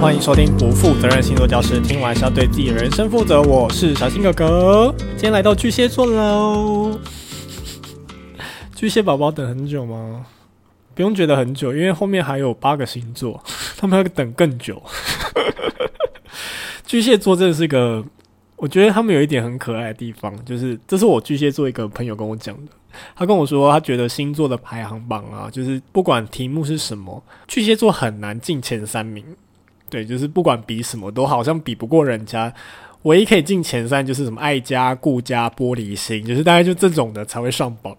歡迎收聽《不負責任星座教室》，聽完是要對自己人生負責我。我是小新哥哥，今天來到巨蟹座嘍。 巨蟹寶寶等很久嗎？不用覺得很久，因為後面還有八個星座，他們要等更久。 巨蟹座真的是個，我覺得他們有一點很可愛的地方，就是這是我巨蟹座一個朋友跟我講的。他跟我說，他覺得星座的排行榜啊，就是不管題目是什麼，巨蟹座很難進前三名。對，就是不管比什麼都好像比不過人家，唯一可以進前三就是什麼愛家、顧家、玻璃心，就是大概就這種的才會上榜。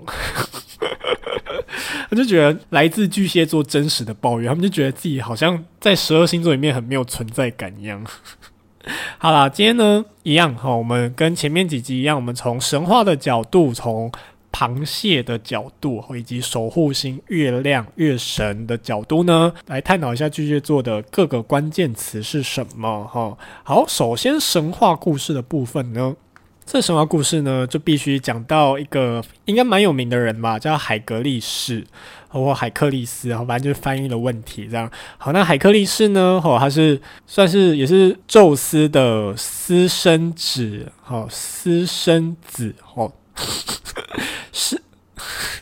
我 就覺得來自巨蟹座真實的抱怨，他們就覺得自己好像在十二星座裡面很沒有存在感一樣。 好啦，今天呢一樣哈、哦，我們跟前面幾集一樣，我們從神話的角度從。螃蟹的角度，以及守護星月亮、月神的角度呢，來探討一下巨蟹座的各個關鍵詞是什麼？哈，好，首先神話故事的部分呢，這神話故事呢就必須講到一個應該蠻有名的人吧，叫海格力士或海克利斯，然後反正就是翻譯的問題。這樣，好，那海克利斯呢？哈，他是算是也是宙斯的私生子，哈，私生子，哈。 是，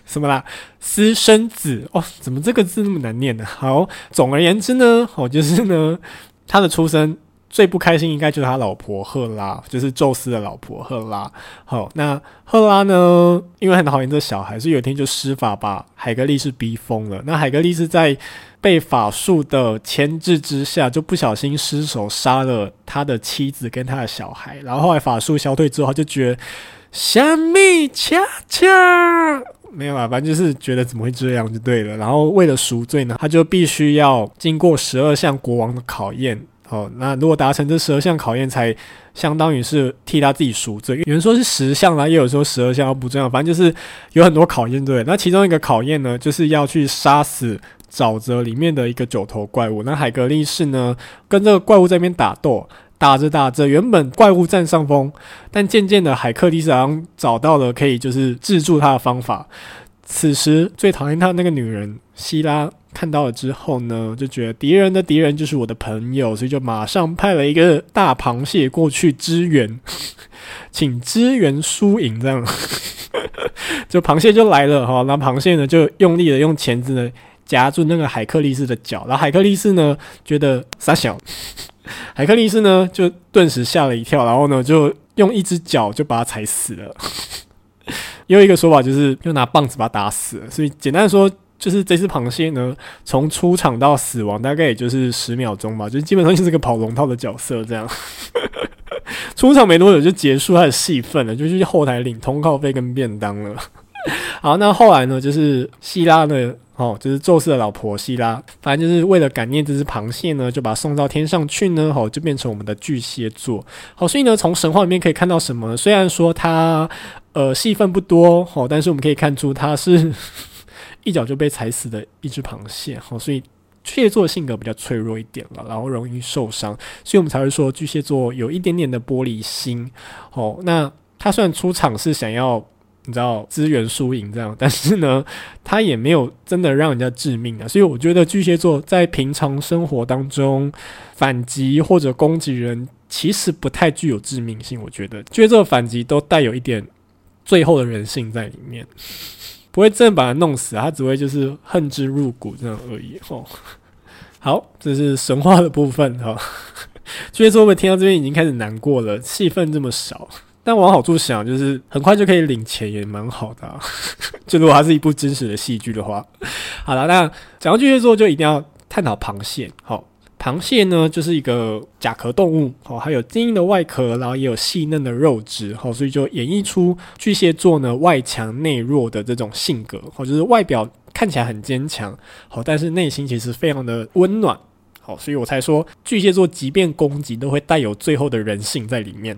什麼啦？私生子哦，怎麼這個字那麼難念呢，啊？好，總而言之呢，哦，就是呢，他的出生。最不開心應該就是他老婆赫拉，就是宙斯的老婆赫拉。好、哦，那赫拉呢？因為很討厭這小孩，所以有一天就施法把海格力士逼瘋了。那海格力士在被法術的牽制之下，就不小心失手殺了他的妻子跟他的小孩。然後後來法術消退之後，他就覺得神秘恰恰沒有啊，反正就是覺得怎麼會這樣就對了。然後為了贖罪呢，他就必須要經過十二項國王的考驗。哦，那如果達成這十二項考驗，才相當於是替他自己贖罪。有人說是十項啦，也有說十二項，不重要。反正就是有很多考驗，對。那其中一個考驗呢，就是要去殺死沼澤裡面的一個九頭怪物。那海格力士呢，跟這個怪物在那邊打鬥，打着打着，原本怪物占上風，但漸漸的，海克力士好像找到了可以就是制住他的方法。此時最討厭他的那個女人希拉。看到了之後呢，就覺得敵人的敵人就是我的朋友，所以就馬上派了一個大螃蟹過去支援，呵呵，請支援輸贏這樣，呵呵，就螃蟹就來了哈。那螃蟹呢，就用力的用鉗子呢夾住那個海克力士的腳，然後海克力士呢覺得，傻小，海克力士呢，就頓時嚇了一跳，然後呢就用一隻腳就把他踩死了。又一個說法就是，就拿棒子把他打死了。所以簡單說。就是這隻螃蟹呢，從出場到死亡大概也就是十秒鐘吧，就基本上就是個跑龍套的角色這樣。 出場沒多久就結束他的戲份了，就去後台領通告費跟便當了。 好，那後來呢，就是希拉呢，哦，就是宙斯的老婆希拉，反正就是為了感念這只螃蟹呢，就把它送到天上去呢，好、哦，就變成我們的巨蟹座。好，所以呢，從神話裡面可以看到什麼呢？雖然說它呃戲份不多，好、哦，但是我們可以看出它是。一腳就被踩死的一隻螃蟹，齁，所以巨蟹座性格比較脆弱一點了，然後容易受傷，所以我們才會說巨蟹座有一點點的玻璃心，哦，那他雖然出場是想要你知道資源輸贏這樣，但是呢，他也沒有真的讓人家致命啊，所以我覺得巨蟹座在平常生活當中反擊或者攻擊人其實不太具有致命性，我覺得巨蟹座反擊都帶有一點最後的人性在裡面。不會真的把他弄死，啊，他只會就是恨之入骨這樣而已。哦。好，這是神話的部分哈。巨蟹座，我們聽到這邊已經開始難過了，戲份這麼少，但往好處想，就是很快就可以領錢，也蠻好的，啊。 就如果它是一部真實的戲劇的話，好了，那講到巨蟹座，就一定要探討螃蟹，好，哦。螃蟹呢，就是一個甲殼動物，哦，它有堅硬的外殼，然後也有細嫩的肉質，哦，所以就演繹出巨蟹座呢外強內弱的這種性格，哦，就是外表看起來很堅強，好、哦，但是內心其實非常的溫暖，好、哦，所以我才說巨蟹座即便攻擊都會帶有最後的人性在裡面，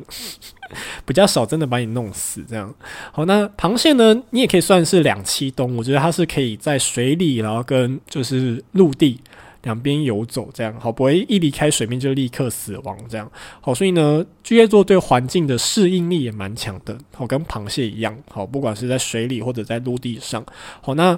比較少真的把你弄死這樣，好、哦，那螃蟹呢，你也可以算是兩棲動物，我覺得它是可以在水裡，然後跟就是陸地。兩邊游走，這樣好，不會一離開水面就立刻死亡，這樣好。所以呢，巨蟹座對環境的適應力也蠻強的，好，跟螃蟹一樣，好，不管是在水裡或者在陸地上，好。那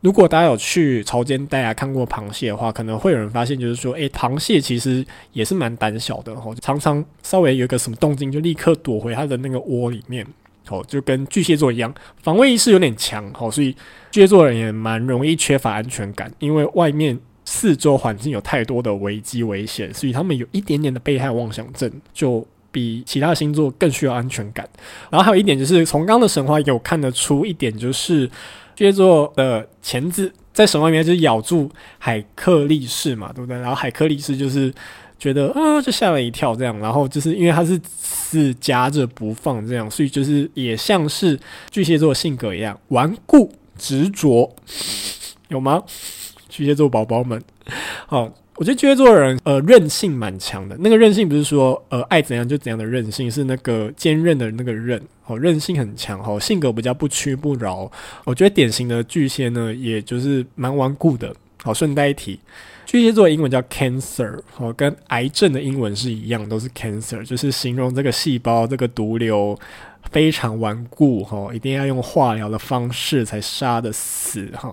如果大家有去潮間帶啊看過螃蟹的話，可能會有人發現，就是說，誒、欸，螃蟹其實也是蠻膽小的，好，常常稍微有一個什麼動靜，就立刻躲回它的那個窩裡面，好，就跟巨蟹座一樣，防衛意識有點強，好，所以巨蟹座的人也蠻容易缺乏安全感，因為外面。四周環境有太多的危機危險，所以他們有一點點的被害妄想症，就比其他星座更需要安全感。然後還有一點就是，從剛剛的神話有看得出一點，就是巨蟹座的鉗子在神話裡面就是咬住海克力士嘛，對不對？然後海克力士就是覺得啊，就嚇了一跳，這樣，然後就是因為他是是夾着不放這樣，所以就是也像是巨蟹座的性格一樣頑固執着，有嗎？巨蟹座寶寶們，好，我覺得巨蟹座的人，呃，韌性蠻強的。那個韌性不是說，呃，愛怎樣就怎樣的韌性，是那個堅韌的那個韌。哦，韌性很強，哈，性格比較不屈不撓。我覺得典型的巨蟹呢，也就是蠻頑固的。好，順帶一提，巨蟹座的英文叫 Cancer，哦，跟癌症的英文是一樣，都是 Cancer，就是形容這個細胞這個毒瘤非常頑固，哈，一定要用化療的方式才殺得死，哈。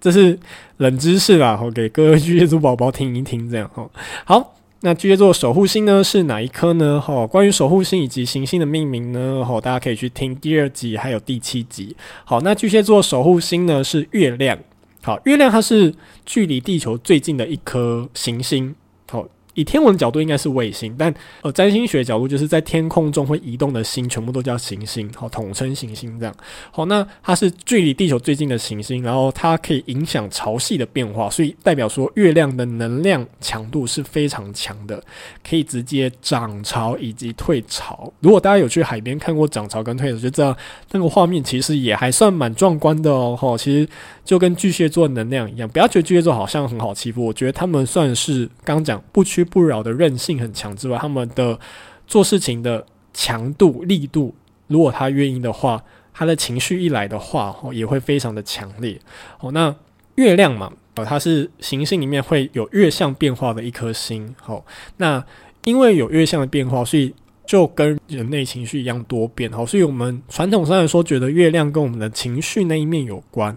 這是冷知識啦，好，給各位巨蟹座寶寶聽一聽，這樣哈。好，那巨蟹座守護星呢是哪一顆呢？好，關於守護星以及行星的命名呢，好，大家可以去聽第二集還有第七集。好，那巨蟹座守護星呢是月亮。好，月亮它是距離地球最近的一顆行星。好。以天文角度應該是衛星，但呃，占星學角度就是在天空中會移動的星，全部都叫行星，好、哦，統稱行星這樣。好，那它是距離地球最近的行星，然後它可以影響潮汐的變化，所以代表說月亮的能量強度是非常強的，可以直接漲潮以及退潮。如果大家有去海邊看過漲潮跟退潮，就知道那個畫面其實也還算蠻壯觀的哦。哈、哦，其實。就跟巨蟹座能量一樣，不要覺得巨蟹座好像很好欺負。我覺得他們算是剛講不屈不撓的韌性很強之外，他們的做事情的強度、力度，如果他願意的話，他的情緒一來的話，也會非常的強烈。哦，那月亮嘛，啊，它是行星裡面會有月相變化的一顆星。好，那因為有月相的變化，所以就跟人類情緒一樣多變。好，所以我們傳統上來說，覺得月亮跟我們的情緒那一面有關。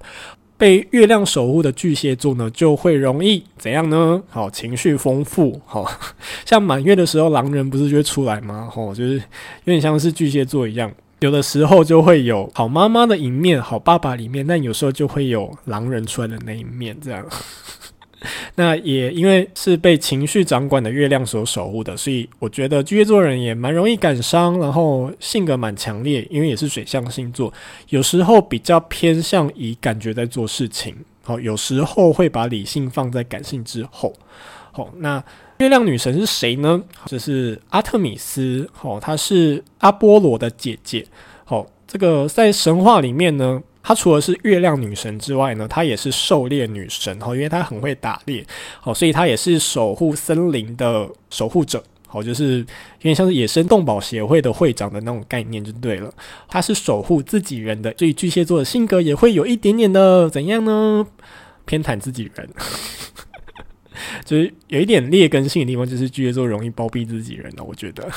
被月亮守護的巨蟹座呢，就會容易怎樣呢？好，情緒豐富。好，像滿月的時候，狼人不是就會出來嗎？吼、哦，就是有點像是巨蟹座一樣，有的時候就會有好媽媽的一面，好爸爸的一面，但有時候就會有狼人出來的那一面，這樣。那也因為是被情緒掌管的月亮所守護的，所以我覺得巨蟹座人也蠻容易感傷，然後性格蠻強烈，因為也是水象星座，有時候比較偏向以感覺在做事情，好，有時候會把理性放在感性之後。好，那月亮女神是誰呢？這是阿特米斯，好，她是阿波羅的姐姐。好，這個在神話裡面呢。她除了是月亮女神之外呢，她也是狩獵女神哦，因為她很會打獵，好，所以她也是守護森林的守護者，好，就是有點像是野生動保協會的會長的那種概念就對了。她是守護自己人的，所以巨蟹座的性格也會有一點點的怎樣呢？偏袒自己人， 就是有一點劣根性的地方，就是巨蟹座容易包庇自己人的，我覺得。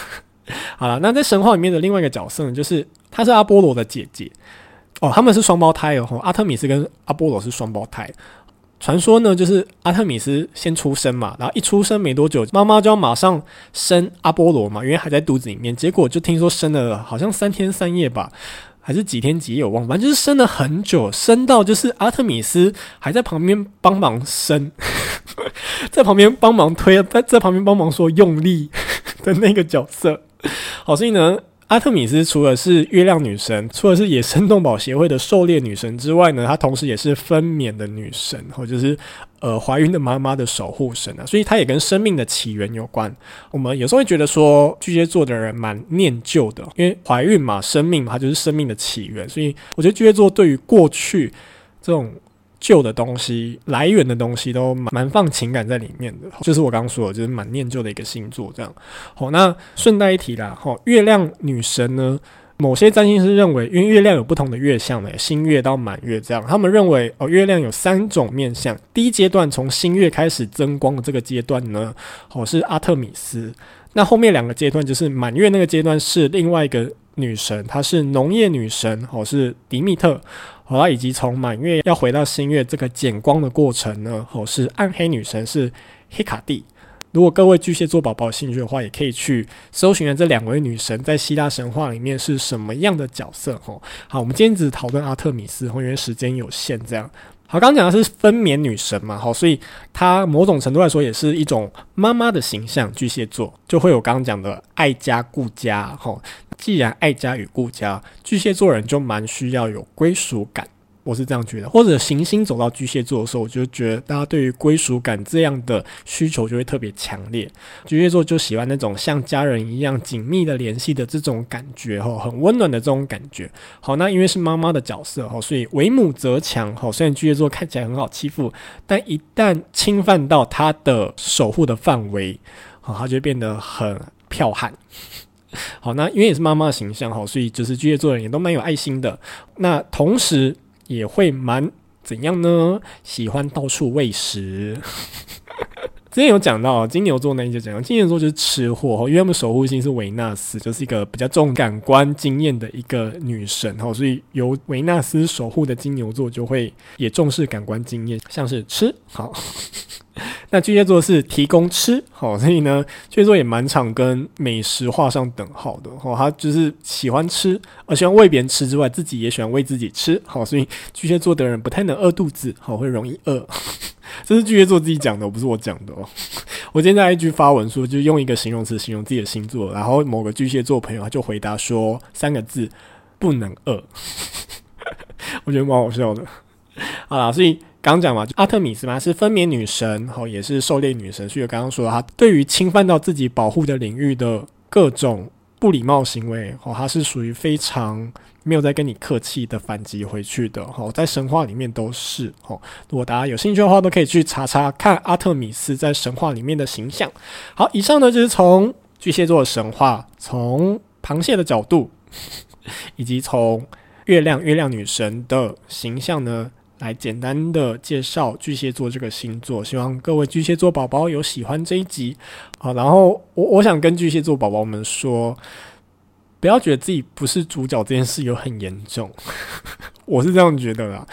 好了，那在神話裡面的另外一個角色呢，就是她是阿波羅的姐姐。哦，他們是雙胞胎哦，阿特米斯跟阿波羅是雙胞胎。傳說呢，就是阿特米斯先出生嘛，然後一出生沒多久，媽媽就要馬上生阿波羅嘛，因為還在肚子裡面。結果就聽說生了，好像三天三夜吧，還是幾天幾夜我忘，反正就是生了很久，生到就是阿特米斯還在旁邊幫忙生， 在旁邊幫忙推，在在旁邊幫忙說用力的那個角色，好，所以呢。阿特米斯除了是月亮女神，除了是野生動保協會的狩獵女神之外呢，她同時也是分娩的女神，或者是呃懷孕的媽媽的守護神啊。所以她也跟生命的起源有關。我們有時候會覺得說巨蟹座的人蠻念舊的，因為懷孕嘛，生命嘛，它就是生命的起源。所以我覺得巨蟹座對於過去這種。舊的東西，來源的東西都蠻放情感在裡面的，就是我剛剛說的，就是蠻念舊的一個星座，這樣。好、哦，那順帶一提啦，好、哦，月亮女神呢，某些占星師認為，因為月亮有不同的月相呢，新月到滿月這樣，他們認為哦，月亮有三種面相。第一階段從新月開始增光的這個階段呢，哦是阿特米斯。那後面兩個階段就是滿月那個階段是另外一個女神，她是農業女神，哦是狄蜜特。好啦，以及從滿月要回到新月這個減光的過程呢，吼、哦、是暗黑女神是黑卡蒂。如果各位巨蟹座寶寶有興趣的話，也可以去搜尋這兩位女神在希臘神話裡面是什麼樣的角色？吼、哦，好，我們今天只討論阿特米斯，哦、因為時間有限，這樣。好，剛剛講的是分娩女神嘛，齁，所以她某種程度來說也是一種媽媽的形象。巨蟹座就會有剛剛講的愛家顧家，齁、哦，既然愛家與顧家，巨蟹座人就蠻需要有歸屬感。我是這樣覺得，或者行星走到巨蟹座的時候，我就覺得大家對於歸屬感這樣的需求就會特別強烈。巨蟹座就喜歡那種像家人一樣緊密的聯繫的這種感覺，哈，很溫暖的這種感覺。好，那因為是媽媽的角色，哈，所以為母則強，哈。雖然巨蟹座看起來很好欺負，但一旦侵犯到他的守護的範圍，哈，他就會變得很剽悍。好，那因為也是媽媽的形象，哈，所以就是巨蟹座的人也都蠻有愛心的。那同時。也會蠻怎樣呢？喜歡到處餵食。 之前有講到金牛座呢，就怎樣？金牛座就是吃貨，因為他們守護星是維納斯，就是一個比較重感官經驗的一個女神，所以由維納斯守護的金牛座就會也重視感官經驗，像是吃，好。 那巨蟹座是提供吃，好，所以呢，巨蟹座也蠻常跟美食畫上等號的，哈，他就是喜歡吃，而喜歡餵別人吃之外，自己也喜歡餵自己吃，好，所以巨蟹座的人不太能餓肚子，好，會容易餓，這是巨蟹座自己講的，不是我講的哦、喔。我今天在 IG 發文說，就用一個形容詞形容自己的星座，然後某個巨蟹座朋友他就回答說三個字不能餓，我覺得蠻好笑的，啊，所以。剛剛講嘛，就阿特米斯嘛，是分娩女神，吼、哦、也是狩獵女神。所以我剛剛說的，她對於侵犯到自己保護的領域的各種不禮貌行為，吼、哦、她是屬於非常沒有在跟你客氣的反擊回去的，吼、哦、在神話裡面都是。吼、哦，如果大家有興趣的話，都可以去查查看阿特米斯在神話裡面的形象。好，以上呢就是從巨蟹座的神話，從螃蟹的角度，以及從月亮月亮女神的形象呢，來簡單的介紹巨蟹座這個星座，希望各位巨蟹座寶寶有喜歡這一集，好，啊，然後我我想跟巨蟹座寶寶們說，不要覺得自己不是主角這件事有很嚴重， 我是這樣覺得啦，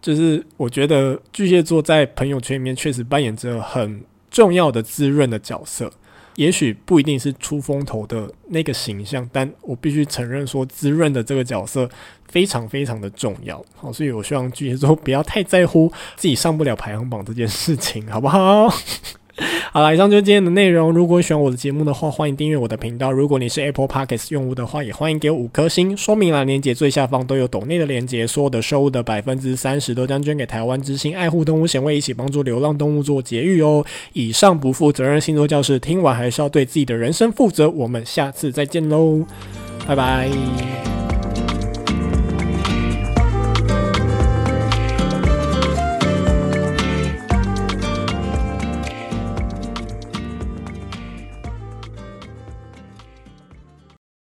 就是我覺得巨蟹座在朋友圈裡面確實扮演着很重要的滋潤的角色。也許不一定是出風頭的那個形象，但我必須承認說，滋潤的這個角色非常非常的重要。好，所以我希望巨蟹座不要太在乎自己上不了排行榜這件事情，好不好？ 好了，以上就是今天的內容。如果喜歡我的節目的話，歡迎訂閱我的頻道。如果你是 Apple Podcast 用戶的話，也歡迎給我五顆星。說明欄連接最下方都有抖內的連接。所有的收入的百分之三十都將捐給台灣之星愛護動物協會，一起幫助流浪動物做節育哦。以上不負責任星座教室，聽完還是要對自己的人生負責。我們下次再見嘍，拜拜。